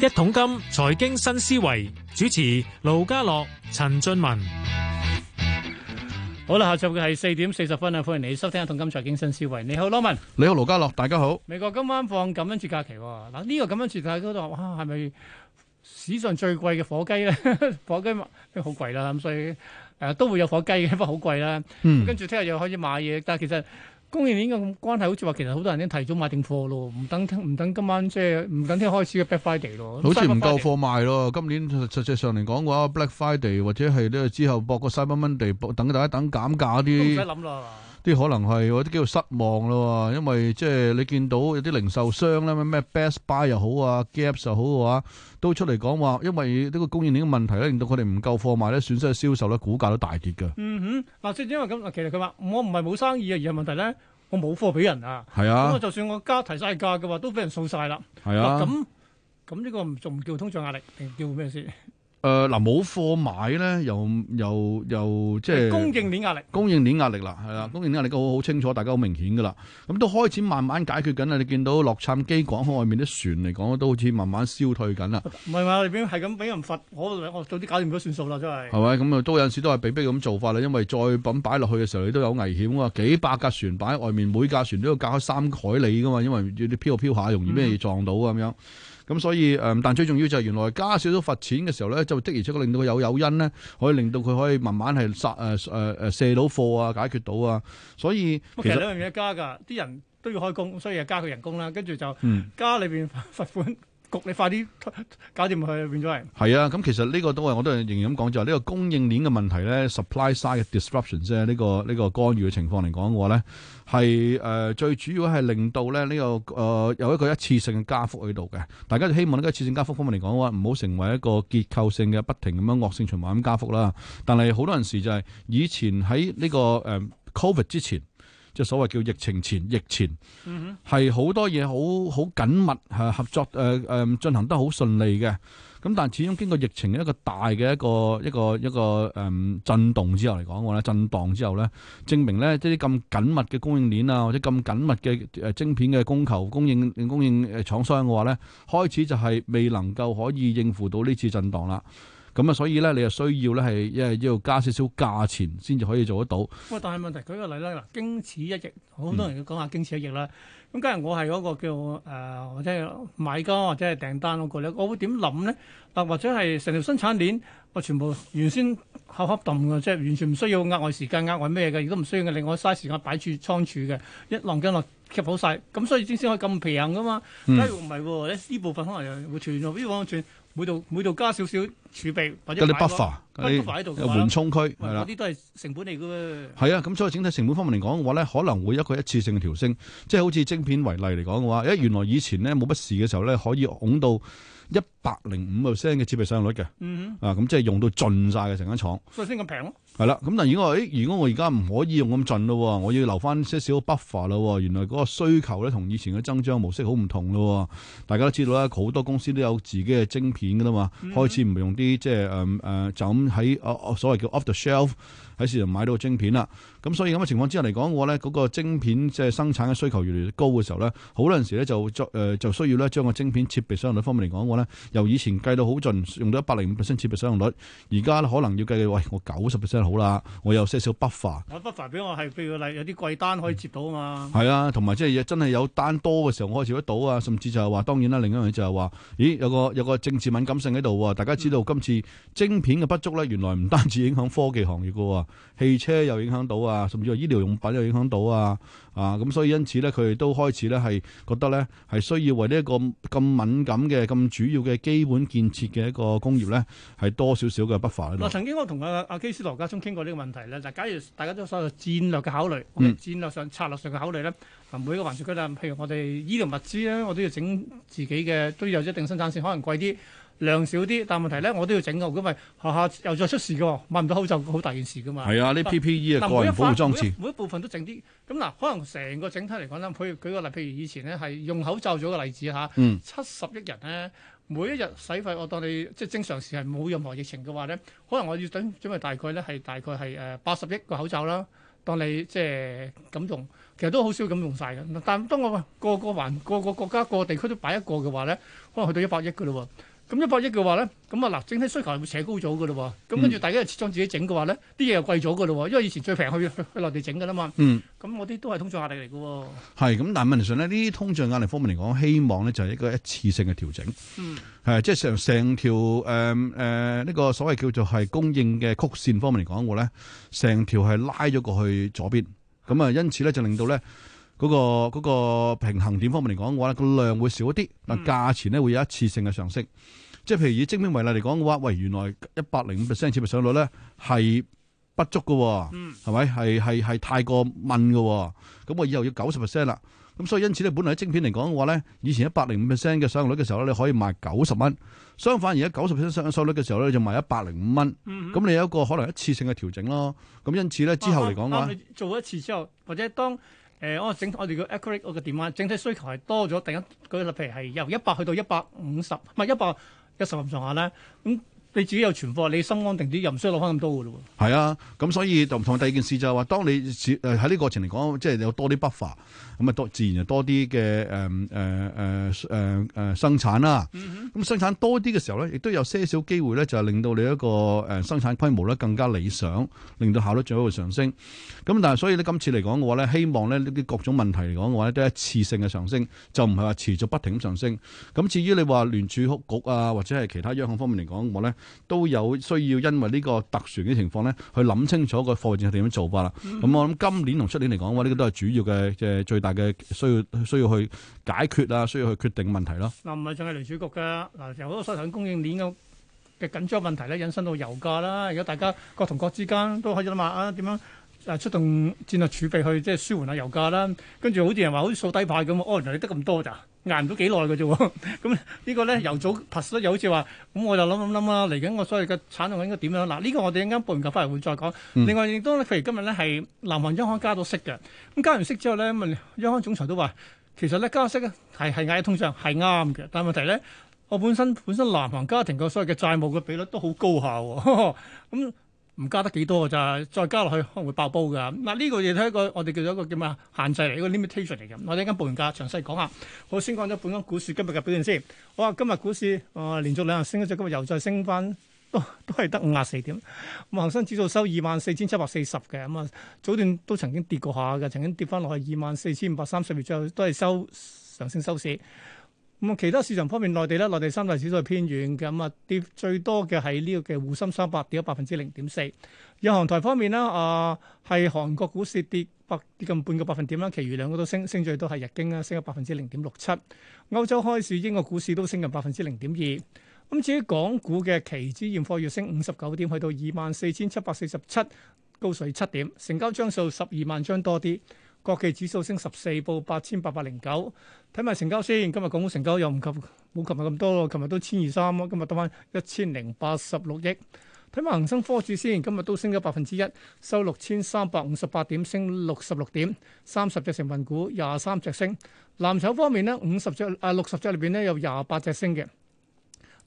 一桶金財經新思維主持盧家樂、陳俊文，好啦，下晝嘅係四點四十分啊！歡迎你收聽一桶金財經新思維。你好，羅文，你好，盧家樂，大家好。美國今晚放感恩節假期，嗱、哦、呢、這個感恩節大家都話哇，係咪史上最貴嘅火雞咧？ 火雞好貴啦，咁所以誒、呃、都會有火雞嘅，不過好貴啦。嗯、跟住聽日又可以買嘢，但係其實。供應鏈嘅關係，好似話其實好多人已經提早買定貨咯，唔等唔等今晚即係唔等聽日開始嘅 Black Friday 咯，好似唔夠貨賣咯。今年實際上嚟講嘅話，Black Friday 或者係咧之後博個 Cyber Monday 地，等大家等減價啲。唔使諗啦，啲可能係我啲叫做失望啦，因為即係你見到有啲零售商咧，咩咩 Best Buy 又好啊，Gaps 又好嘅話，都出嚟講話，因為呢個供應鏈嘅問題咧，令到佢哋唔夠貨賣咧，損失嘅銷售咧，股價都大跌㗎。嗯哼，嗱，即係因為咁，嗱，其實佢話我唔係冇生意啊，而係問題咧。我冇貨俾人啊，咁啊我就算我加提晒價嘅話，都俾人掃晒啦。係啊，咁咁呢個唔仲唔叫通脹壓力，定叫咩先？誒，嗱冇貨買咧，又又又即係供應鏈壓力，供鏈壓力，供應鏈壓力啦，係啦，供應鏈壓力，大家好清楚，大家好明顯噶啦。咁、嗯、都開始慢慢解決緊啦。你見到洛杉磯港，港外面啲船嚟講，都好似慢慢消退緊啦。唔係嘛，你俾係咁俾人罰，我我早啲搞掂咗算數啦，真係。係咪咁啊？都有陣時都係被迫咁做法啦。因為再咁擺落去嘅時候，你都有危險啊。幾百架船擺喺外面，每架船都要隔開三海里噶嘛。因為你飄飄下，容易咩撞到啊咁樣。咁、嗯、所以，誒，但最重要就係原來加少少罰錢嘅時候咧，就的而且確令到佢有誘因咧，可以令到佢可以慢慢係殺誒誒誒卸到貨啊，解決到啊。所以其實兩樣嘢加噶，啲人都要開工，所以係加佢人工啦，跟住就加裏邊罰款。嗯 焗你快啲搞掂佢，變咗係。係啊，咁其實呢個都係我都係仍然咁講，就係呢個供應鏈嘅問題咧，supply side disruption 啫、這個。呢個呢個干預嘅情況嚟講嘅話咧，係誒、呃、最主要係令到咧、這、呢個誒、呃、有一個一次性嘅加幅喺度嘅。大家就希望呢個一次性加幅方面嚟講嘅話，唔好成為一個結構性嘅不停咁樣惡性循環咁加幅啦。但係好多陣時就係以前喺呢個誒 Covid 之前。即係所謂叫疫情前，疫前係好、嗯、哼多嘢好好緊密係、啊、合作，誒、啊、誒、嗯、進行得好順利嘅。咁但係始終經過疫情一個大嘅一個一個一個誒震、嗯、動之後嚟講，我咧震盪之後咧，證明咧即啲咁緊密嘅供應鏈啊，或者咁緊密嘅誒晶片嘅供求、供應、供應誒廠商嘅話咧，開始就係未能夠可以應付到呢次震盪啦。咁啊，所以咧，你就需要咧，係因為要加少少價錢先至可以做得到。喂，但係問題，舉個例啦，嗱，經此一役，好多人要講下經此一役啦。咁梗係我係嗰個叫誒、呃，或者買家或者係訂單嗰、嗰個咧，我會點諗咧？嗱，或者係成條生產鏈，我全部原先合恰氹嘅，即係完全唔需要額外時間、額外咩嘅，如果唔需要另外嘥時間擺住倉儲嘅，一浪緊落，keep 好晒。咁所以先先可以咁平㗎嘛？假如唔係喎，呢部分可能又會存入邊存？每度每度加少少儲備，或者啲 buffer、buffer 喺度，緩衝區，係啦，嗰啲都係成本嚟嘅喎。係啊，咁所以整體成本方面嚟講嘅話咧，可能會有一個一次性嘅調升，即係好似晶片為例嚟講嘅話，一原來以前咧冇乜事嘅時候咧，可以擁到一百零五個 percent 嘅設備使用率嘅。嗯哼，啊，咁即係用到盡晒嘅成間廠，所以先咁平咯。係啦，咁但係如果話，誒，如果我而家唔可以用咁盡咯，我要留翻些少 buffer 咯。原來嗰個需求咧，同以前嘅增長模式好唔同咯。大家都知道啦，好多公司都有自己嘅晶片噶啦嘛，開始唔用啲即係誒誒，就咁喺、呃、所謂叫 off the shelf 喺市場買到個晶片啦。咁所以咁嘅情況之下嚟講嘅話咧，嗰個晶片即係生產嘅需求越嚟越高嘅時候咧，好多陣時咧就誒就需要咧將個晶片設備使用率方面嚟講嘅話咧，由以前計到好盡，用到一百零五 percent 設備使用率，而家可能要計嘅喂、哎，我九十 percent 好啦，我，些少、er, 我, er、我有些少 buffer。我 buffer 俾我係譬如例有啲貴單可以接到啊嘛。係啊，同埋即係真係有單多嘅時候，我可以接得到啊。甚至就係話，當然啦，另一樣嘢就係話，咦有個有個政治敏感性喺度啊。大家知道今次晶片嘅不足咧，原來唔單止影響科技行業嘅、啊、喎，汽車又影響到啊。啊，甚至係醫療用品又影響到啊！啊，咁所以因此咧，佢哋都開始咧係覺得咧係需要為呢一個咁敏感嘅、咁主要嘅基本建設嘅一個工業咧，係多少少嘅不凡喺度。嗱，曾經我同阿阿基斯羅家聰傾過呢個問題咧，嗱、嗯，假如大家都所有戰略嘅考慮，戰略上、策略上嘅考慮咧，啊，每一個環節嗰陣，譬如我哋醫療物資咧，我都要整自己嘅，都有一定生產線，可能貴啲。量少啲，但問題咧，我都要整噶。如果唔係，下下又再出事嘅，買唔到口罩好大件事噶嘛。係啊，啲 P P E 啊，個人保護裝置，每一部分都整啲咁嗱。可能成個整體嚟講咧，譬如舉個例，譬如以前咧係用口罩做個例子嚇，七十億人咧，每一日使費，我當你即係正常時係冇任何疫情嘅話咧，可能我要整準備大概咧係大概係誒八十億個口罩啦。當你即係咁用，其實都好少咁用曬嘅。但當我個個環個個國家個個地區都擺一個嘅話咧，可能去到一百億噶嘞喎。咁一百億嘅話咧，咁啊嗱，整體需求係會扯高咗嘅嘞喎，咁跟住大家又設廠自己整嘅話咧，啲嘢又貴咗嘅嘞喎，因為以前最平去去內地整嘅啦嘛，咁、嗯、我啲都係通脹壓力嚟嘅喎。係咁，但係問題上咧，呢啲通脹壓力方面嚟講，希望咧就係一個一次性嘅調整，係、嗯呃、即係成成條誒誒呢個所謂叫做係供應嘅曲線方面嚟講嘅話咧，成條係拉咗過去左邊，咁啊，因此咧就令到咧。嗰、嗰個嗰個平衡點方面嚟講嘅話，個量會少一啲，但價錢咧會有一次性嘅上升。即係、嗯、譬如以晶片為例嚟講嘅話，喂，原來一百零五 percent 設備上率咧係不足嘅，係咪係係係太過問嘅？咁我以後要九十 percent 啦。咁所以因此咧，本嚟喺晶片嚟講嘅話咧，以前一百零五 percent 嘅上率嘅時候咧，你可以賣九十蚊。相反而家九十 percent 上率嘅時候咧，就賣一百零五蚊。咁、嗯嗯、你有一個可能一次性嘅調整咯。咁因此咧，之後嚟講嘅話，做一次之後，或者當。誒、呃、我整我哋個 accurate 我個電話整體需求係多咗第一舉例譬如係由一百去到一百五十，唔係一百一十咁上下咧咁。嗯你自己有存貨，你心安定啲，又唔需要落翻咁多嘅咯喎。係啊，咁所以就唔同第二件事就係、是、話，當你誒喺呢個過程嚟講，即係你有多啲 buffer，咁啊多自然就多啲嘅誒誒誒誒誒生產啦。咁、嗯、哼生產多啲嘅時候咧，亦都有些少機會咧，就係令到你一個誒生產規模咧更加理想，令到效率進一步上升。咁但係所以咧，今次嚟講嘅話咧，希望咧呢啲各種問題嚟講嘅話咧，都係一次性嘅上升，就唔係話持續不停咁上升。咁至於你話聯儲局啊，或者係其他央行方面嚟講嘅話咧，都有需要，因為呢個特殊嘅情況咧，去諗清楚個貨幣政策點樣做法啦。咁、嗯、我諗今年同出年嚟講，呢個都係主要嘅，即係最大嘅需要，需要去解決啦，需要去決定問題咯。嗱、嗯，唔係淨係聯儲局噶，嗱，由好多生產供應鏈嘅緊張問題咧，引申到油價啦。而家大家各同各之間都可以諗下啊，點樣誒出動戰略儲備去即係舒緩下油價啦。跟住好似人話好似掃低派咁，原來你得咁多咋？捱唔到幾耐嘅啫喎，咁 呢個咧由早拍攝咧又好似話，咁、嗯、我就諗諗諗啊，嚟緊我所謂嘅產量應該點樣？嗱，呢個我哋一陣間報完價翻嚟會再講。另外亦都譬如今日咧係南韓央行加到息嘅，咁加完息之後咧，咁央行總裁都話，其實咧加息咧係係壓通脹係啱嘅，但係問題咧，我本身本身南韓家庭嘅所謂嘅債務嘅比率都好高下喎、哦，咁、 嗯。唔加得幾多嘅咋？再加落去可能會爆煲㗎。嗱、啊，呢、這個亦都係一個我哋叫做一個叫咩限制嚟，一個 limitation 嚟嘅。我哋等陣報完價，詳細講下。好，先講咗本港股市今日嘅表現先。哇，今日股市啊、呃，連續兩日升咗，今日又再升翻，都都係得五十四點。恆、嗯、生指數收二萬四千七百四十嘅咁啊，早段都曾經跌過下嘅，曾經跌翻落去二萬四千五百三十，然之後都係收上升收市。咁啊，其他市場方面，內地咧，內地三大指數係偏軟，咁啊，跌最多嘅喺呢個嘅滬深三百跌咗百分之零點四。日韓台方面咧，啊係韓國股市跌百跌近半個百分點啦，其餘兩個都升，升咗都係日經啦，升咗百分之零點六七。歐洲開市，英國股市都升近百分之零點二。咁至於港股嘅期指現貨要升五十九點，去到二萬四千七百四十七，高水七點，成交張數十二萬張多啲。國企指數升十四報八千八百零九，睇埋成交先。今日港股成交又唔及冇琴日咁多咯，琴日都千二三，今日得翻一千零八十六億。睇埋恒生科指先，今日都升咗百分之一，收六千三百五十八點，升六十六點，三十隻成分股，廿三隻升。藍籌方面呢，五十隻啊六十隻裏邊咧有廿八隻升嘅，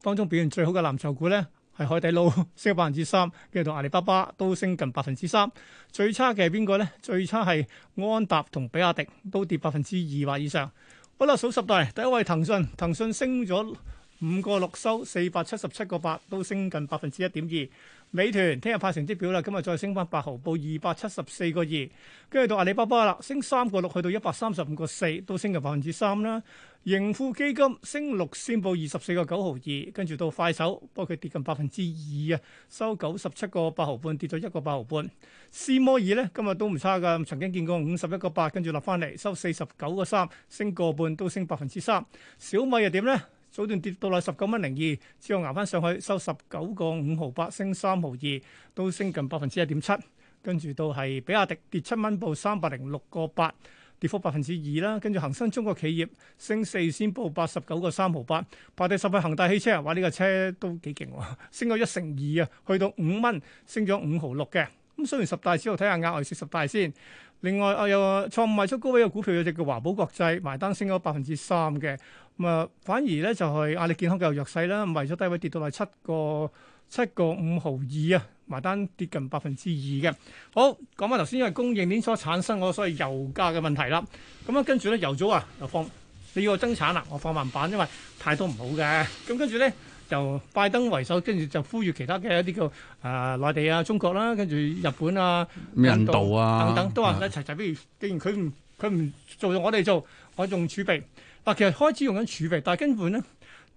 當中表現最好嘅藍籌股咧。係海底撈升咗百分之三，跟住同阿里巴巴都升近百分之三，最差嘅係邊個呢？最差係安踏同比亞迪都跌百分之二或以上。好啦，數十代，第一位騰訊，騰訊升咗五個六，收四百七十七個八，8, 都升近百分之一點二。美團聽日派成績表啦，今日再升翻八毫，報二百七十四個二，跟住到阿里巴巴啦，升三個六，去到一百三十五個四，都升近百分之三啦。盈富基金升六，先報二十四個九毫二，跟住到快手，不過佢跌近百分之二啊，收九十七個八毫半，跌咗一個八毫半。斯摩爾咧，今日都唔差噶，曾經見過五十一個八，跟住落翻嚟，收四十九個三，升個半都升百分之三。小米又點咧？早段跌到嚟十九蚊零二，之後捱翻上去收十九個五毫八，升三毫二，都升近百分之一點七。跟住到係比亞迪跌七蚊，報三百零六個八，跌幅百分之二啦。跟住恒生中國企業升四仙，報八十九個三毫八。排第十嘅恒大汽車話：呢、這個車都幾勁喎，升咗一成二啊，去到五蚊，升咗五毫六嘅。咁雖然十大之後我睇下額外四十大先。另外啊，又創賣出高位嘅股票有隻叫華寶國際，埋單升咗百分之三嘅。咁啊，反而咧就係阿里健康較弱勢啦，為咗低位跌到嚟七個七個五毫二啊，埋單跌近百分之二嘅。好講翻頭先，因為供應鏈所產生嘅所謂油價嘅問題啦。咁啊，跟住咧油組啊又放你要我增產啦，我放慢板，因為太多唔好嘅。咁跟住咧就拜登為首，跟住就呼籲其他嘅一啲叫啊內地啊、中國啦，跟住日本啊、印度啊等等，都話一齊就譬如，既然佢唔佢唔做，我哋做，我仲儲備。嗱，其實開始用緊儲備，但係根本咧，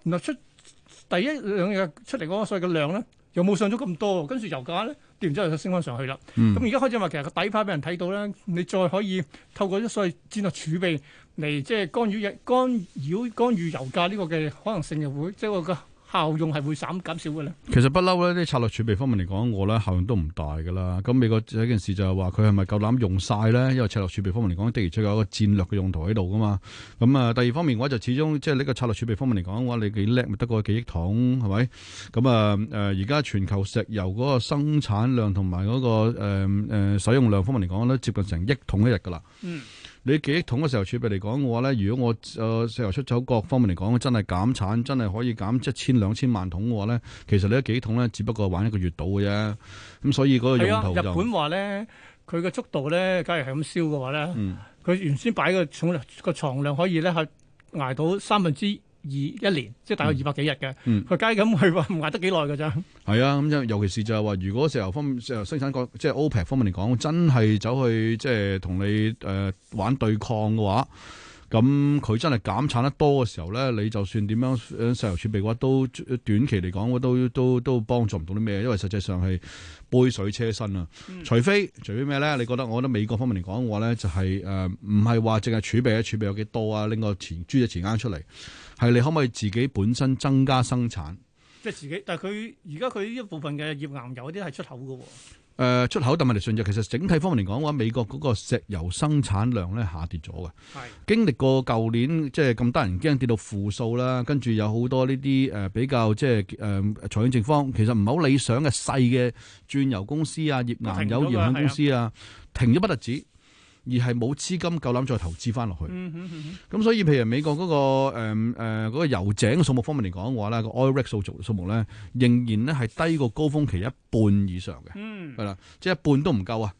原來出第一兩日出嚟嗰個所謂嘅量咧，又冇上咗咁多，跟住油價咧跌完之後就升翻上去啦。咁而家開始話其實個底牌俾人睇到咧，你再可以透過啲所謂戰略儲備嚟即係干擾、干擾、干預油價呢個嘅可能性嘅會，即係嗰個。效用係會減少嘅咧，其實不嬲咧，啲策略儲備方面嚟講，我咧效用都唔大噶啦。咁美國有一件事就係話佢係咪夠膽用晒咧？因為策略儲備方面嚟講，的而且確有個戰略嘅用途喺度噶嘛。咁啊，第二方面嘅話就始終即係呢個策略儲備方面嚟講嘅話，你幾叻咪得過幾億桶係咪？咁啊，誒，而家、呃、全球石油嗰個生產量同埋嗰個誒、誒使用量方面嚟講都接近成億桶一日噶啦。嗯你幾億桶嘅石油儲備嚟講嘅話咧，如果我誒、呃、石油出走各方面嚟講，真係減產，真係可以減一千兩千萬桶嘅話咧，其實你一幾億桶咧，只不過玩一個月度嘅啫。咁所以嗰個用途、啊、日本話咧，佢嘅速度咧，假如係咁燒嘅話咧，佢、嗯、原先擺嘅重量，個藏量可以咧係捱到三分之二一年即係大概二百幾日嘅，佢、嗯、街係咁係話唔捱得幾耐嘅咋係啊，咁因尤其是就係話，如果石油方面、石油生產國即係 OPEC 方面嚟講，真係走去即係同你誒、呃、玩對抗嘅話，咁佢真係減產得多嘅時候咧，你就算點樣石油儲備嘅話，都短期嚟講都都都幫助唔到啲咩，因為實際上係杯水車薪啊、嗯除。除非除非咩咧？你覺得我覺得美國方面嚟講嘅話咧，就係誒唔係話淨係儲備啊，儲備有幾多啊？拎個錢，攢一攢啱出嚟。係你可唔可以自己本身增加生產？即係自己，但係佢而家佢呢一部分嘅頁岩油啲係出口嘅喎。誒出口但問題在於，其實整體方面嚟講嘅話，美國嗰個石油生產量咧下跌咗嘅。係經歷過舊年即係咁得人驚，跌到負數啦，跟住有好多呢啲誒比較即係誒財政情況，其實唔係好理想嘅細嘅鑽油公司啊、頁岩油油產公司啊，停咗不特止。而係冇資金夠膽再投資翻落去，咁、嗯、所以譬如美國嗰、嗰個誒誒嗰個油井數目方面嚟講嘅話咧，嗰個 oil rig 數族數目咧仍然咧係低過高峰期一半以上嘅，係啦、嗯，即係、就是、一半都唔夠啊！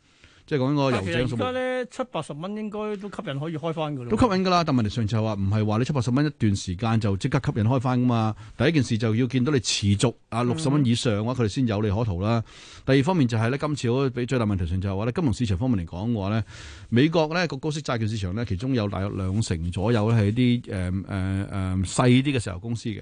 即係講緊個油井，而家咧七八十蚊應該都吸引可以開翻噶啦，都吸引噶啦。但問題上就係話唔係話你七八十蚊一段時間就即刻吸引開翻噶嘛。第一件事就要見到你持續啊六十蚊以上嘅話，佢哋先有利可圖啦。第二方面就係咧，今次好比最大問題上就係話咧，金融市場方面嚟講嘅話咧，美國咧個高息債券市場咧，其中有大約兩成左右咧係啲誒誒誒細啲嘅石油公司嘅。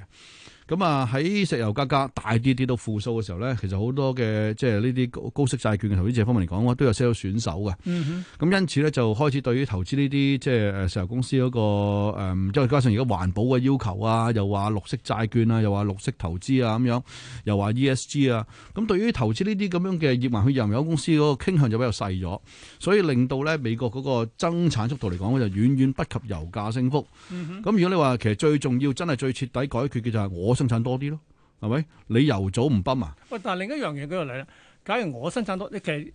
咁啊，喺石油價格大跌跌到負數嘅時候咧，其實好多嘅即係呢啲高息債券嘅投資者方面嚟講，我都有些少選手嘅。咁、嗯、哼因此咧，就開始對於投資呢啲即係誒石油公司嗰、那個誒，即、嗯、加上而家環保嘅要求啊，又話綠色債券啊，又話綠色投資啊咁樣，又話 ESG 啊。咁對於投資呢啲咁樣嘅業去，佢油公司嗰個傾向就比較細咗，所以令到咧美國嗰個增產速度嚟講，就遠遠不及油價升幅。咁、嗯、哼如果你話其實最重要，真係最徹底解決嘅就係我。生產多啲咯，係咪？你油早唔泵啊？喂，但係另一樣嘢嗰度嚟啦，假如我生產多，其實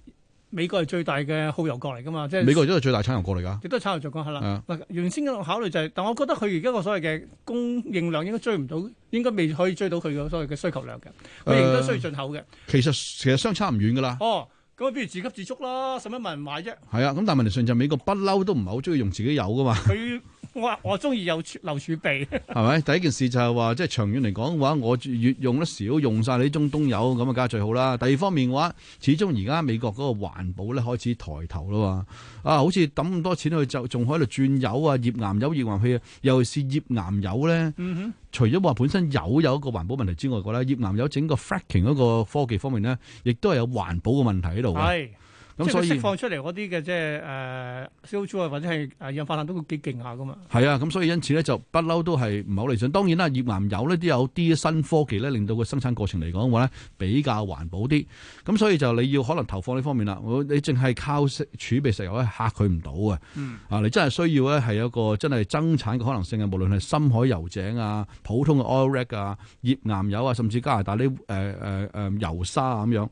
美國係最大嘅耗油國嚟噶嘛，即係美國都係最大產油國嚟噶，亦都係產油國係啦。嗱，的原先嘅考慮就係、是，但我覺得佢而家個所謂嘅供應量應該追唔到，應該未可以追到佢嘅所謂嘅需求量嘅，佢仍然需要進口嘅、呃。其實其實相差唔遠噶啦。哦，咁啊，不如自給自足啦，使乜問人買啫。係啊，咁但係問題上就美國不嬲都唔係好中意用自己油噶嘛。我我中意有儲留儲備，係 咪？第一件事就係話，即係長遠嚟講嘅話，我越用得少，用晒你啲中東油咁啊，梗係最好啦。第二方面嘅話，始終而家美國嗰個環保咧開始抬頭啦嘛，啊，好似抌咁多錢去就仲喺度轉油啊，頁岩油、頁岩氣，尤其是頁岩油咧，嗯、哼除咗話本身油有，有一個環保問題之外，嗰咧頁岩油整個 fracking 嗰個科技方面咧，亦都係有環保嘅問題喺度。係。即係釋放出嚟嗰啲嘅，即係誒燒焦啊，或者係誒氧化碳都會幾勁下噶嘛。係啊，咁所以因此咧就不嬲都係唔係好理想。當然啦，頁岩油呢都有啲新科技咧，令到個生產過程嚟講嘅話咧比較環保啲。咁所以就你要可能投放呢方面啦。我你淨係靠儲備石油咧，嚇佢唔到啊。嗯、啊！你真係需要咧係有一個真係增產嘅可能性啊。無論係深海油井啊、普通嘅 oil rig 啊、頁岩油啊，甚至加拿大啲誒誒誒油砂咁樣。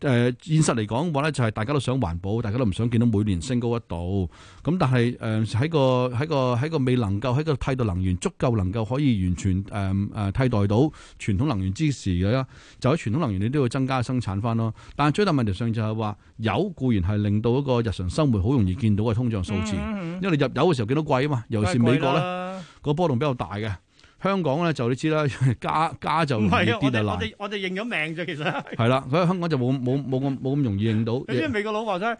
誒、呃、現實嚟講話咧，就係、是、大家都想環保，大家都唔想見到每年升高一度。咁但係誒喺個喺個喺個未能夠喺個替代能源足夠能夠可以完全誒誒、呃、替代到傳統能源之時嘅，就喺傳統能源你都要增加生產翻咯。但係最大問題上就係話油固然係令到一個日常生活好容易見到嘅通脹數字，因為你入油嘅時候見到貴啊嘛，尤其是美國咧個波動比較大嘅。香港咧就你知啦，加加就唔係跌得啦。我哋我哋我哋認咗命啫，其實係啦。 所以香港就冇冇冇咁冇咁容易認到。 你知美國佬話齋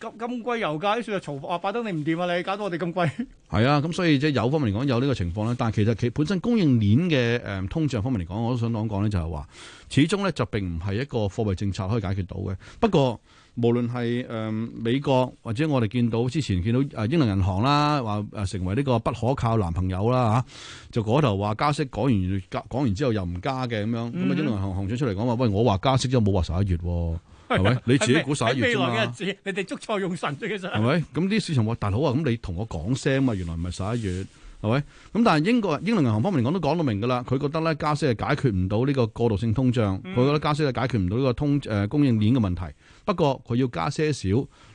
咁咁貴油價啲，算係嘈啊，拜登你唔掂啊，你搞到我哋咁貴。係啊，咁所以即係有方面嚟講有呢個情況咧，但係其實其本身供應鏈嘅誒通脹方面嚟講，我都想講講咧，就係話始終咧就並唔係一個貨幣政策可以解決到嘅。不過。無論係誒美國或者我哋見到之前見到誒、呃、英倫銀行啦，話誒成為呢個不可靠男朋友啦吓、啊，就嗰頭話加息講，講完講完之後又唔加嘅，咁樣，咁啊英倫銀行行長出嚟講話，喂我話加息之後冇話十一月係、啊、咪？的的你自己估十一月啫嘛、啊，你哋捉錯用神其實係咪？咁啲市場話大佬啊，咁你同我講聲嘛，原來唔係十一月。係咪？咁但係英國英倫銀行方面嚟講都講到明噶啦，佢覺得咧加息係解決唔到呢個過渡性通脹，佢、嗯、覺得加息係解決唔到呢個通誒、呃、供應鏈嘅問題。不過佢要加息少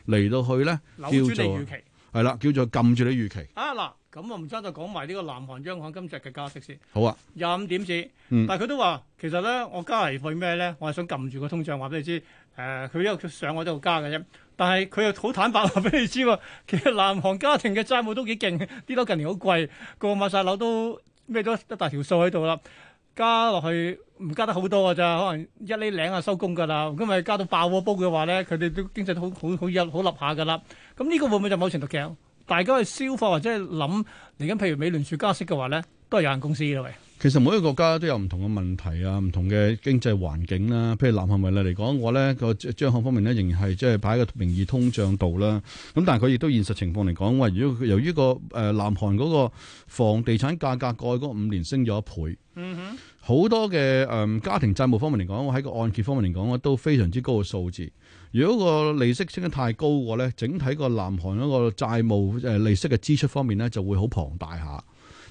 嚟到去咧，叫做，你預期，係啦，叫做撳住你預期，你預期啊嗱。咁啊，吳生就講埋呢個南韓央行今日嘅加息先。好、嗯、啊，廿五點子，但係佢都話其實咧，我加嚟係咩咧？我係想撳住個通脹，話俾你知。誒，佢因為佢上我度加嘅啫，但係佢又好坦白話俾你知喎。其實南韓家庭嘅債務都幾勁，啲樓近年好貴，個買晒樓都咩都一大條數喺度啦。加落去唔加得好多㗎咋，可能一呢檯啊收工㗎啦。如果咪加到爆個煲嘅話咧，佢哋都經濟都好好好有好立下㗎啦。咁呢個會唔會就某程度鏡？大家去消化或者係諗嚟緊，譬如美聯儲加息嘅話咧，都係有限公司啦，喂。其實每一個國家都有唔同嘅問題啊，唔同嘅經濟環境啦、啊。譬如南韓為例嚟講，我咧個央行方面咧仍然係即係擺個名義通脹度啦。咁但係佢亦都現實情況嚟講，話如果由於、那個誒、呃、南韓嗰個房地產價格過去嗰五年升咗一倍，嗯哼，好多嘅誒、呃、家庭債務方面嚟講，喺個按揭方面嚟講咧都非常之高嘅數字。如果個利息升得太高嘅話咧，整體個南韓嗰個債務誒利息嘅支出方面咧就會好龐大下。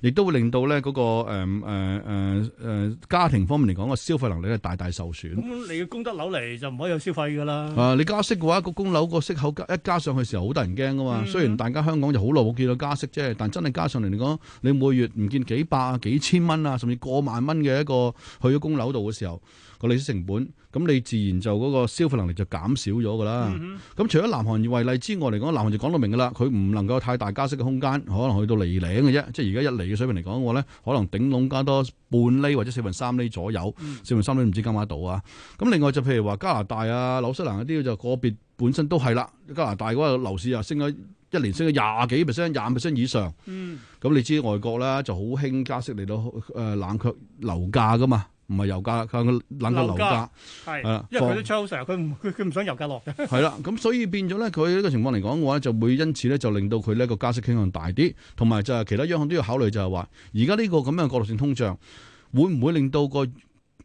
亦都會令到咧、呢、嗰個誒誒誒誒家庭方面嚟講嘅消費能力係大大受損。咁你嘅供得樓嚟就唔可以有消費㗎啦。啊，你加息嘅話，個供樓個息口一加上去時候，好得人驚㗎嘛。嗯啊、雖然大家香港就好耐冇見到加息啫，但真係加上嚟嚟講，你每月唔見幾百啊、幾千蚊啊，甚至過萬蚊嘅一個去咗供樓度嘅時候。個利息成本，咁你自然就嗰個消費能力就減少咗噶啦。咁、嗯、哼除咗南韓而為例之外嚟講，南韓就講到明噶啦，佢唔能夠太大加息嘅空間，可能去到厘零嘅啫。即係而家一厘嘅水平嚟講，我咧可能頂籠加多半厘或者四分三厘左右，嗯、四分三厘唔知加唔加到啊。咁另外就譬如話加拿大啊、紐西蘭嗰啲就個別本身都係啦。加拿大嗰個樓市啊升咗，一年升咗廿幾 percent、廿 percent 以上。咁、嗯、你知外國啦，就好興加息嚟到誒冷卻樓價噶嘛。唔係油價，佢諗過樓價，係啊，因為佢都佢唔想油價落嘅。係 啦，咁所以變咗咧，佢呢個情況嚟講嘅話，就會因此咧就令到佢呢個加息傾向大啲，同埋就係其他央行都要考慮就係話，而家呢個咁樣角度性通脹，會唔會令到個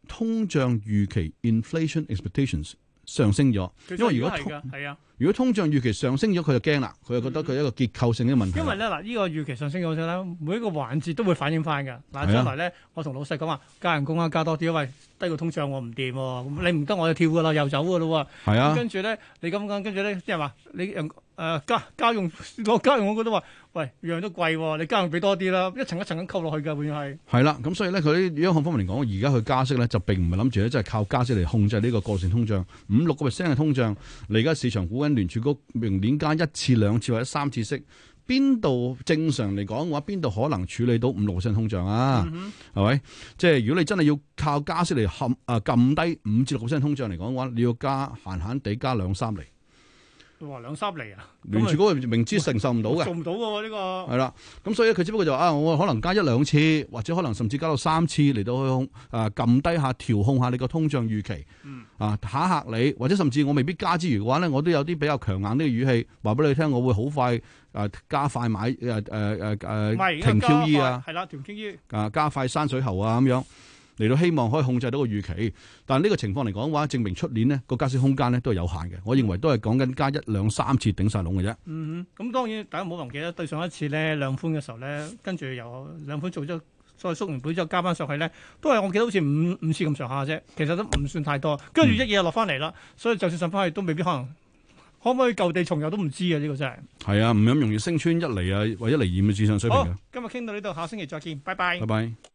通脹預期 inflation expectations？上升咗，其實 因為如果通係啊，如果通脹預期上升咗，佢就驚啦，佢就覺得佢係一個結構性嘅問題，嗯。因為咧嗱，呢、呢個預期上升咗之後咧，每一個環節都會反映翻㗎。嗱的，將來咧，我同老細講話加人工啊，加多啲，因為低個通脹我唔掂喎，你唔得我就跳㗎啦，又走㗎啦喎。啊的，跟住咧你咁講，跟住咧即係話你誒家家用我家用，加用加用我覺得話。喂，樣都貴喎，你加又俾多啲啦，一層一層咁扣落去嘅，本來係。係啦，咁所以咧，佢央行方面嚟講，而家佢加息咧，就並唔係諗住咧，即係靠加息嚟控制呢個過剩通脹，五、六個 percent 嘅通脹。你而家市場估計聯儲局明年加一次、兩次或者三次息，邊度正常嚟講嘅話，邊度可能處理到五、六個 percent 通脹啊？係咪、嗯哼？即係如果你真係要靠加息嚟冚啊撳低五至六個 percent 通脹嚟講嘅話，你要加閒閒地加兩三釐。佢話兩三釐啊，連住嗰個明知承受唔到嘅，做唔到嘅呢個係啦。咁所以佢只不過就啊，我可能加一兩次，或者可能甚至加到三次嚟到開空啊，撳低下調控下你個通脹預期啊嚇嚇你，或者甚至我未必加之餘嘅話咧，我都有啲比較強硬啲嘅語氣話俾你聽，我會好快啊加快買誒誒誒誒停 QE 啊，係、啊、啦、啊，停 QE 啊，啊，啊，加快山水喉啊咁樣。嚟到希望可以控制到個預期，但係呢個情況嚟講話，證明出年呢個加息空間呢都係有限嘅。我認為都係講緊加一兩三次頂晒籠嘅啫、嗯。嗯咁當然大家唔好忘記得對上一次呢兩寬嘅時候呢，跟住由兩寬做咗再縮完本之後加翻上去呢，都係我記得好似五五次咁上下啫。其實都唔算太多，跟住一夜又落翻嚟啦。嗯、所以就算上翻去都未必可能，可唔可以舊地重遊都唔知啊？呢個真係係啊，唔咁容易升穿一嚟啊，或者嚟驗嘅智場水平。好，今日傾到呢度，下星期再見，拜拜，拜拜。Bye.